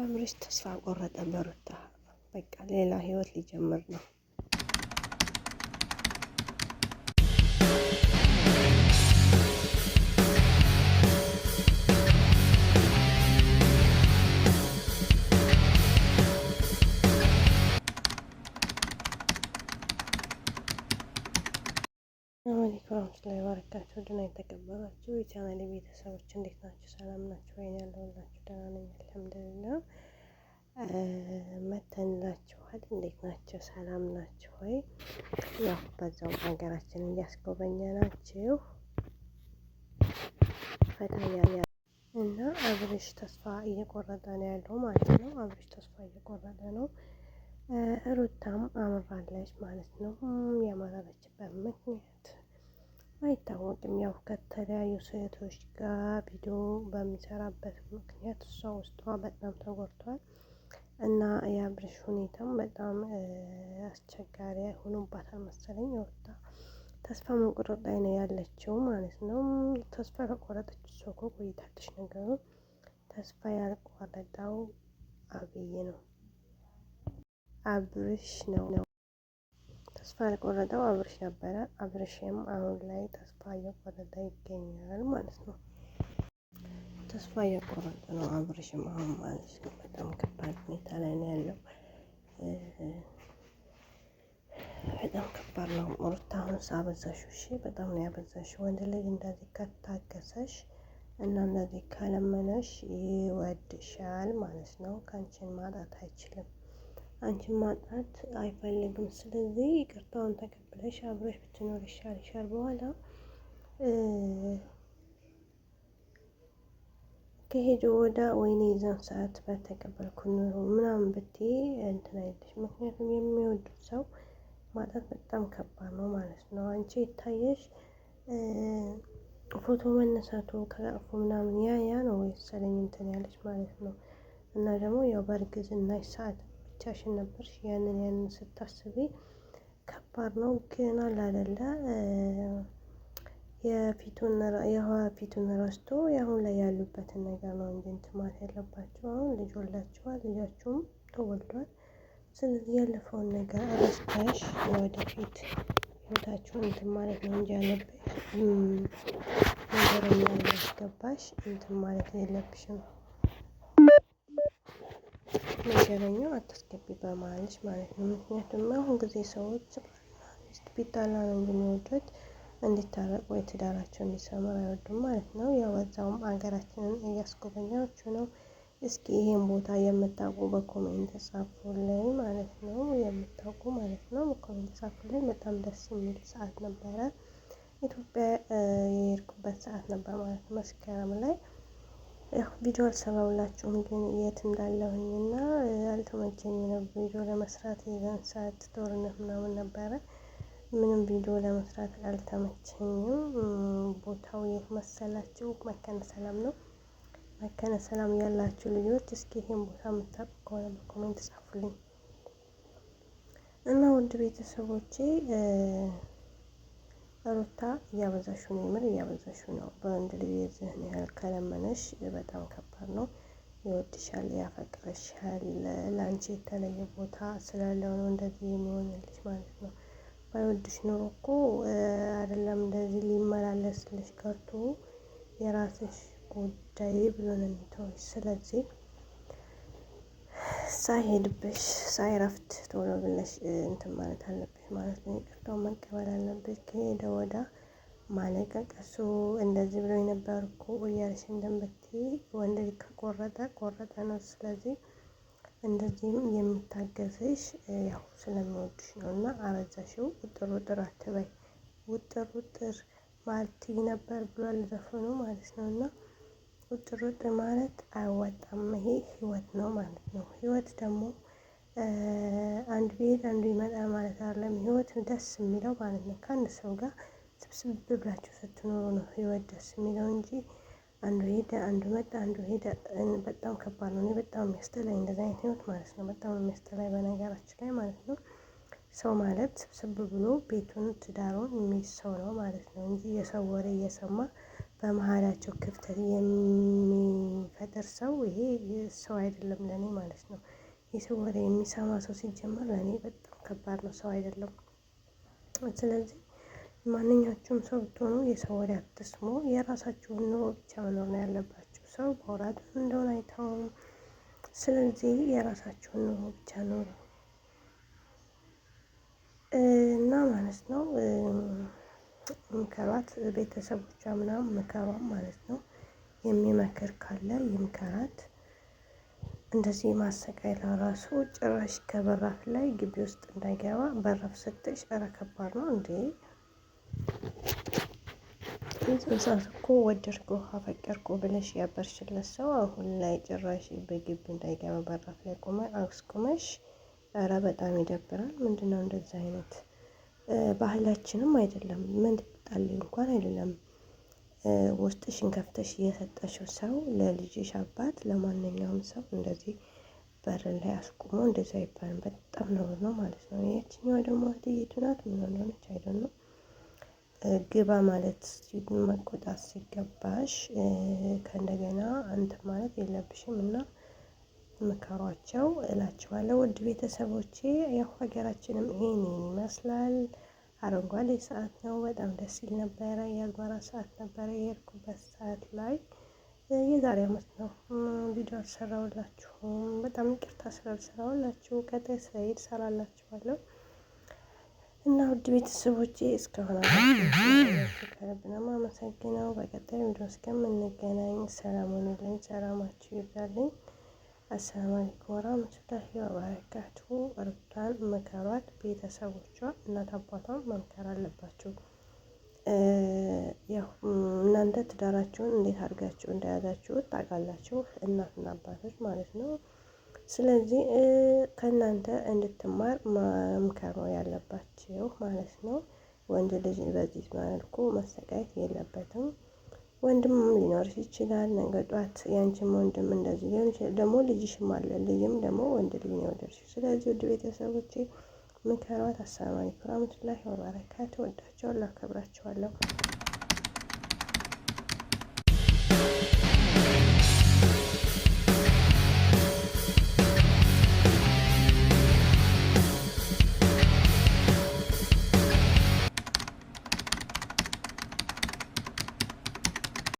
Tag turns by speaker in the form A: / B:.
A: አብርሽ ተስፋ ቆረጠ። በሩታ በቃ ሌላ ህይወት ሊጀምር ነው። አሰላሙ አለይኩም ወረህመቱላሂ ድና ቤተሰቦች እንዴት ናቸው? ሰላም ናቸው ወይን ያለውላችሁ መተንላችኋል። እንዴት ናቸው? ሰላም ናቸው ወይ? ያው በዛው ሀገራችን እያስጎበኘ ናቸው ፈታያ እና አብርሽ ተስፋ እየቆረጠ ነው ያለው ማለት ነው። አብርሽ ተስፋ እየቆረጠ ነው። ሩታም አምራለች ማለት ነው። ያመራረችበት ምክንያት አይታወቅም። ያው ከተለያዩ ሴቶች ጋር ቪዲዮ በሚሰራበት ምክንያት እሷ ውስጧ በጣም ተጎድቷል። እና የአብርሽ ሁኔታም በጣም አስቸጋሪ ሆኖባታል መሰለኝ። ወጣ ተስፋ መቁረጥ ላይ ነው ያለችው ማለት ነው። ተስፋ ከቆረጠች እሷ እኮ ቆይታለች። ነገሩ ተስፋ ያልቆረጠው አብይ ነው አብርሽ ነው። ተስፋ ያልቆረጠው አብርሽ ነበረ። አብርሽም አሁን ላይ ተስፋ እየቆረጠ ይገኛል ማለት ነው። ተስፋ እየቆረጠ ነው አብርሽም አሁን ማለት ነው። በጣም ከባድ ሁኔታ ላይ ነው ያለው። በጣም ከባድ ነው። ሩታ አሁን አበዛሽው። እሺ በጣም ነው ያበዛሽ። ወንድ ልጅ እንደዚህ ከታገሰሽ እና እንደዚህ ካለመነሽ ይወድሻል ማለት ነው። ከአንቺን ማጣት አይችልም፣ አንቺን ማጣት አይፈልግም። ስለዚህ ይቅርታውን ተቀብለሽ አብረሽ ብትኖር ይሻልሻል በኋላ ከሄዱ ወዳ ወይኔ የዛን ሰዓት ባልተቀበልኩ ኖሮ ምናምን ብትይ እንትን አይልሽ። ምክንያቱም የሚወዱት ሰው ማጣት በጣም ከባድ ነው ማለት ነው። አንቺ ይታየሽ ፎቶ መነሳቱ ከላፎ ምናምን ያ ያ ነው የሰለኝ እንትን ያለች ማለት ነው። እና ደግሞ ያው በእርግዝናሽ ሰዓት ብቻሽን ነበርሽ። ያንን ያንን ስታስቢ ከባድ ነው ግን አላደለ የፊቱን የፊቱን ረስቶ የአሁን ላይ ያሉበትን ነገር ነው እንጂ እንትን ማለት ያለባቸው። አሁን ልጅ ወላቸዋል፣ ልጃችሁም ተወልዷል። ስለዚህ ያለፈውን ነገር አረስተሽ የወደፊት ህይወታችሁን እንትን ማለት ነው እንጂ ያለብሽ ነገር ያስገባሽ እንትን ማለት የለብሽም። ነገረኛው አታስገቢ በማለች ማለት ነው። ምክንያቱም አሁን ጊዜ ሰዎች ሚስት ቢጣላ ነው የሚወዱት እንዲታረቁ የትዳራቸው እንዲሰምር አይወዱም ማለት ነው። ያው በዛውም ሀገራችንን እያስጎበኛችሁ ነው። እስኪ ይሄን ቦታ የምታውቁ በኮሜንት ጻፉልኝ ማለት ነው። የምታውቁ ማለት ነው በኮሜንት ጻፉልኝ። በጣም ደስ የሚል ሰዓት ነበረ። ኢትዮጵያ የሄድኩበት ሰዓት ነበር ማለት ነው። መስከረም ላይ ያው ቪዲዮ አልሰራሁላችሁም ግን የት እንዳለሁኝ እና ነው ቪዲዮ ለመስራት የዛን ሰዓት ጦርነት ምናምን ነበረ። ምንም ቪዲዮ ለመስራት አልተመቸኝም። ቦታው የት መሰላችሁ? መካነ ሰላም ነው። መካነ ሰላም ያላችሁ ልጆች እስኪ ይሄን ቦታ የምታውቁ ከሆነ በኮሜንት ጻፉልኝ እና ውድ ቤተሰቦቼ ሩታ እያበዛሹ ነው፣ የምር እያበዛሹ ነው። በወንድ ልጅ ዝህን ያህል ከለመነሽ በጣም ከባድ ነው። ይወድሻል፣ ያፈቅርሻል። ለአንቺ የተለየ ቦታ ስላለው ነው እንደዚህ የሚሆንልሽ ማለት ነው። ባይወድሽ ኖሮ እኮ አይደለም እንደዚህ ሊመላለስልሽ ቀርቶ የራስሽ ጉዳይ ብሎ ነው የሚተውሽ። ስለዚህ ሳይሄድብሽ ሳይረፍት ቶሎ ብለሽ እንትን ማለት አለብሽ ማለት ነው። ይቅርታውን መቀበል አለብሽ። ከሄደ ወዳ ማለቀቅ እሱ እንደዚህ ብሎ የነበር እኮ እያልሽ እንደምትይ ወንድ ከቆረጠ ቆረጠ ነው። ስለዚህ እንደዚህም የሚታገስሽ ያው ስለሚወዱሽ ነው እና አረጃሽው ውጥር ውጥር አትበይ። ውጥር ውጥር ማለት ነበር ብሏል ዘፈኑ ማለት ነው እና ውጥር ውጥር ማለት አያዋጣም። ይሄ ህይወት ነው ማለት ነው። ህይወት ደግሞ አንድ ቤት አንዱ ይመጣል ማለት አይደለም። ህይወት ደስ የሚለው ማለት ነው ከአንድ ሰው ጋር ስብስብ ብላችሁ ስትኖሩ ነው ህይወት ደስ የሚለው እንጂ አንዱ ሄደ፣ አንዱ መጣ፣ አንዱ ሄደ። በጣም ከባድ ነው። እኔ በጣም የሚያስጠላኝ እንደዚህ አይነት ህይወት ማለት ነው። በጣም የሚያስጠላኝ በነገራችን ላይ ማለት ነው። ሰው ማለት ስብስብ ብሎ ቤቱን ትዳሩን የሚይዝ ሰው ነው ማለት ነው እንጂ የሰው ወሬ እየሰማ በመሀላቸው ክፍተት የሚፈጥር ሰው ይሄ ሰው አይደለም ለእኔ ማለት ነው። የሰው ወሬ የሚሰማ ሰው ሲጀመር ለእኔ በጣም ከባድ ነው። ሰው አይደለም። ስለዚህ ማንኛቸውም ሰው ብትሆኑ የሰው ወሬ አትስሙ። የራሳችሁን ኑሮ ብቻ መኖር ነው ያለባችሁ። ሰው በወራት እንደሆነ አይታወም። ስለዚህ የራሳችሁን ኑሮ ብቻ ኑሩ እና ማለት ነው ምከሯት፣ ቤተሰቦቿ ምናምን ምከሯ ማለት ነው። የሚመክር ካለ ይምከራት። እንደዚህ ማሰቃይ ለራሱ ጭራሽ ከበራፍ ላይ ግቢ ውስጥ እንዳይገባ በራፍ ስትሽ፣ ኧረ ከባድ ነው እንዴ! ሰዓት እኮ ወደድኩ አፈቀርኩ ብለሽ ያበርሽለት ሰው አሁን ላይ ጭራሽ በግቢ እንዳይገባ በራፍ ላይ ቆመ አስቁመሽ፣ ኧረ በጣም ይደብራል። ምንድነው እንደዚህ አይነት ባህላችንም አይደለም። ምን ትጣል እንኳን አይደለም። ውስጥሽን ከፍተሽ እየሰጠሽው ሰው ለልጅሽ አባት፣ ለማንኛውም ሰው እንደዚህ በር ላይ አስቁሞ እንደዚ አይባልም። በጣም ነው ነው ማለት ነው። ያችኛዋ ደግሞ እህትዬቱ ምን አይደለም ግባ ማለት መቆጣት ሲገባሽ ከእንደገና አንተ ማለት የለብሽም እና ምከሯቸው እላችኋለሁ። ውድ ቤተሰቦቼ ያው ሀገራችንም ይሄን ይመስላል። አረንጓዴ ሰዓት ነው። በጣም ደስ ይል ነበረ። የአዝመራ ሰዓት ነበረ። የሄድኩበት ሰዓት ላይ የዛሬ አመት ነው ቪዲዮ አልሰራውላችሁም። በጣም ይቅርታ ስላልሰራውላችሁ ቀጣይ ሳይድ ሰራላችኋለሁ። እና ውድ ቤተሰቦቼ እስከሆነ ከልብነው አመሰግነው። በቀጣይ ቪዲዮ እስከምንገናኝ ሰላም ሆኑልኝ፣ ሰላማችሁ ይብዛልኝ። አሰላሙ አለይኩም ወራህመቱላሂ ወበረካቱሁ። ሩታን መከሯት፣ ቤተሰቦቿ እናት አባቷን መምከር አለባችሁ። ያው እናንተ ትዳራችሁን እንዴት አድርጋችሁ እንደያዛችሁ ታውቃላችሁ፣ እናትና አባቶች ማለት ነው። ስለዚህ ከእናንተ እንድትማር መምከር ነው ያለባችሁ ማለት ነው። ወንድ ልጅ በዚህ መልኩ መሰቃየት የለበትም። ወንድምም ሊኖርሽ ይችላል። ነገ ጧት ያንቺም ወንድም እንደዚህ ሊሆን ይችላል። ደግሞ ልጅሽም አለ። ልጅም ደግሞ ወንድ ልጅ ሊወደድሽ። ስለዚህ ውድ ቤተሰቦቼ ምከሯት። አሰላሙ አለይኩም ወራህመቱላሂ ወበረካቱ። ወዳቸዋለሁ፣ አከብራቸዋለሁ።